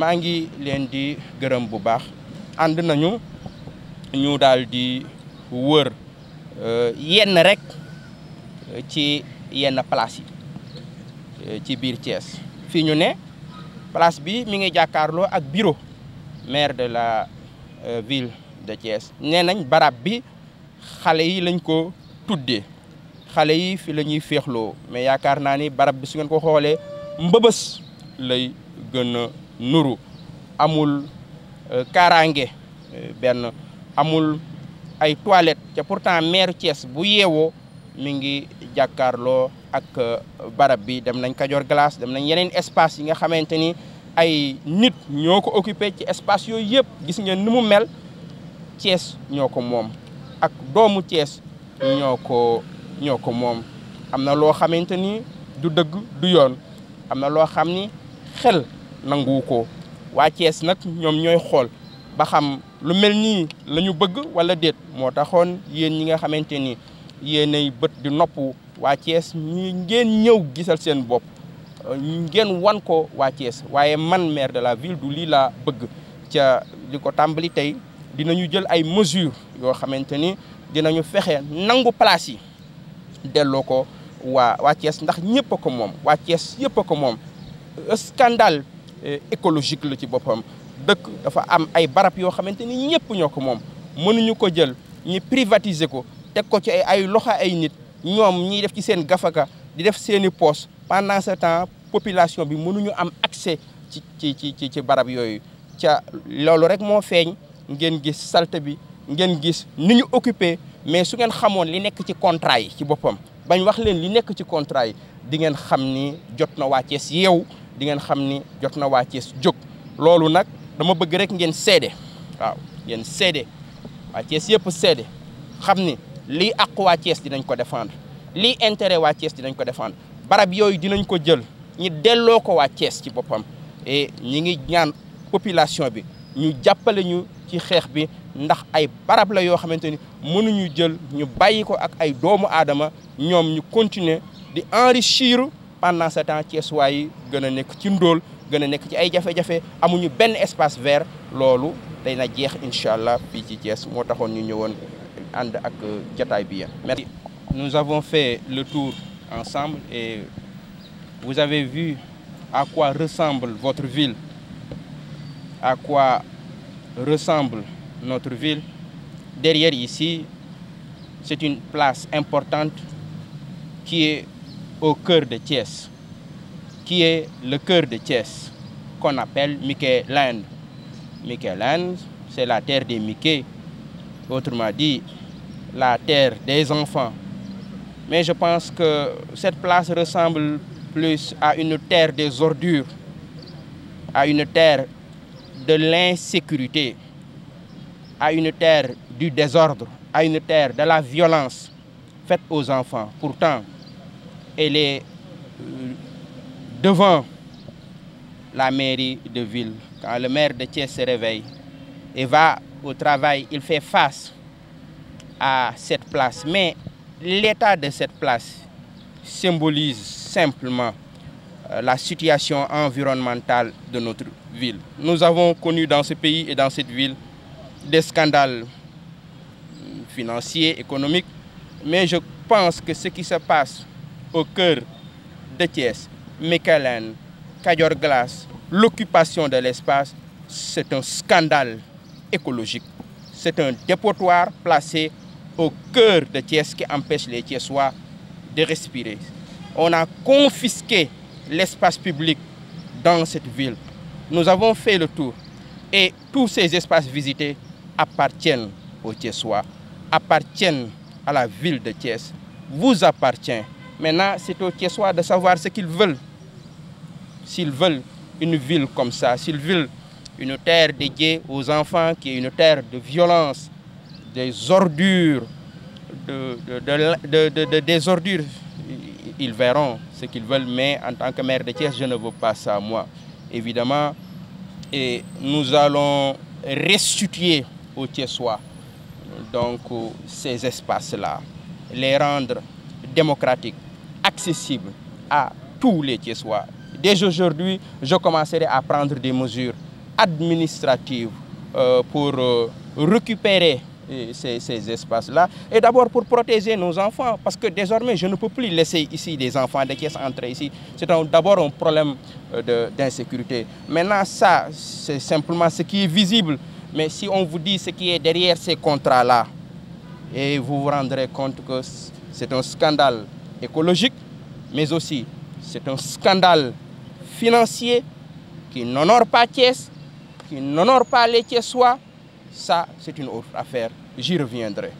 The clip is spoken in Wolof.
maa ngi leen di gërëm bu baax ànd nañu ñu daal di wër euh, yenn rek euh, ci yenn place yi euh, ci biir Thiès fii ñu ne place bi mi ngi jàkkaarloo ak bureau maire de la ville de Thiès nee nañ barab bi xale yi lañ ko tuddee xale yi fi la ñuy féexloo mais yaakaar naa ni barab bi su ngeen ko xoolee mbëbës lay gën a nuru amul euh, karaange euh, benn amul ay toilettes ca pourtant maire Thiès bu yeewoo mi ngi jàkkaarloo ak euh, barab bi dem nañ Kajoor Glace dem nañ yeneen espace yi nga xamante ni ay nit ñoo ko occupé ci espace yooyu yëpp gis ngeen ni mu mel Thiès ñoo ko moom ak doomu Thiès ñoo ko ñoo ko moom am na loo xamante ni du dëgg du yoon am na loo xam ni xel nanguwu ko waa nag ñoom ñooy xool ba xam lu mel nii la ñu bëgg wala déet moo taxoon yéen ñi nga xamante ni ay bët di nopp waa Thiès ñi ngeen ñëw gisal seen bopp ngeen wan ko waa waaye man maire de la ville du lii laa bëgg ca li ko tàmbali tey dinañu jël ay mesures yoo xamante ni dinañu fexe nangu place yi delloo ko waa waa ndax ñëpp ko moom waa Thiès yëpp ko moom scandale Eh, écologique la ci boppam dëkk dafa am ay barab yoo xamante ni ñëpp ñoo ko moom mënuñu ko jël ñu privatiser ko teg ko ci ay ay loxo ay nit ñoom ñiy def ci seen gafaka di def seen i poos pendant ce temps population bi mënuñu am accès ci ci ci ci barab yooyu ca loolu rek moo feeñ ngeen gis salte bi ngeen gis ni ñu occupé mais su ngeen xamoon li nekk ci contrat yi ci boppam bañ wax leen li nekk ci contrat yi di ngeen xam ni jot na waa si yeew di ngeen xam ni jot na waa Thiès jóg loolu nag dama bëgg rek ngeen seede waaw ngeen seede waa Thiès yëpp seede xam ni lii àq waa Thiès dinañ ko défendre lii intérêt waa Thiès dinañ ko défendre barab yooyu dinañ ko jël ñi delloo ko waa Thiès ci boppam et ñi ngi ñaan population bi ñu jàppale ñu ci xeex bi ndax ay barab la yoo xamante ni mënuñu jël ñu bàyyi ko ak ay doomu aadama ñoom ñu continuer di enrichir pendant ce temps Thiessois yi gën a nekk ci ndóol gën nekk ci ay jafe-jafe amuñu benn espace vert loolu day na jeex incha allah fii ci Thiès moo taxoon ñu ñëwoon ànd ak euh, jataay bi merci nous avons fait le tour ensemble et vous avez vu à quoi ressemble votre ville à quoi ressemble notre ville derrière ici c'est une place importante qui est au cœur de Thiès, qui est le cœur de Thiès, qu'on appelle Mickey Land. Mickey Land, c'est la terre des Mickey, autrement dit, la terre des enfants. Mais je pense que cette place ressemble plus à une terre des ordures, à une terre de l'insécurité, à une terre du désordre, à une terre de la violence faite aux enfants. Pourtant, elle est euh, devant la mairie de ville. Quand le maire de Thiès se réveille et va au travail, il fait face à cette place. Mais l'état de cette place symbolise simplement euh, la situation environnementale de notre ville. Nous avons connu dans ce pays et dans cette ville des scandales euh, financiers, économiques, mais je pense que ce qui se passe au cœur de Thiès, Mikelène, Cajor Glace, l'occupation de l'espace, c'est un scandale écologique. C'est un dépotoir placé au cœur de Thiès qui empêche les Thiessois de respirer. On a confisqué l'espace public dans cette ville. Nous avons fait le tour et tous ces espaces visités appartiennent au Thiessois, appartiennent à la ville de Thiès, vous appartient mais c'est aux Thiessois de savoir ce qu'ils veulent. S'ils veulent une ville comme ça, s'ils veulent une terre dédiée aux enfants, qui est une terre de violence, des ordures, de, de, de, des ordures, ils verront ce qu'ils veulent. Mais en tant que maire de Thiès, je ne veux pas ça, moi. Évidemment, et nous allons restituer aux Thiessois donc, euh, ces espaces-là, les rendre démocratiques, accessible à tous les Thiessois. Dès aujourd'hui, je commencerai à prendre des mesures administratives euh, pour euh, récupérer euh, ces, ces espaces-là. Et d'abord pour protéger nos enfants, parce que désormais, je ne peux plus laisser ici des enfants de Thiès entrer ici. C'est d'abord un problème euh, mais Maintenant, ça, c'est simplement ce qui est visible. Mais si on vous dit ce qui est derrière ces contrats-là, et vous vous rendrez compte que c'est un scandale écologique, mais aussi c'est un scandale financier qui n'honore pas Thiès, qui n'honore pas les Thiessois. Ça, c'est une autre affaire. J'y reviendrai.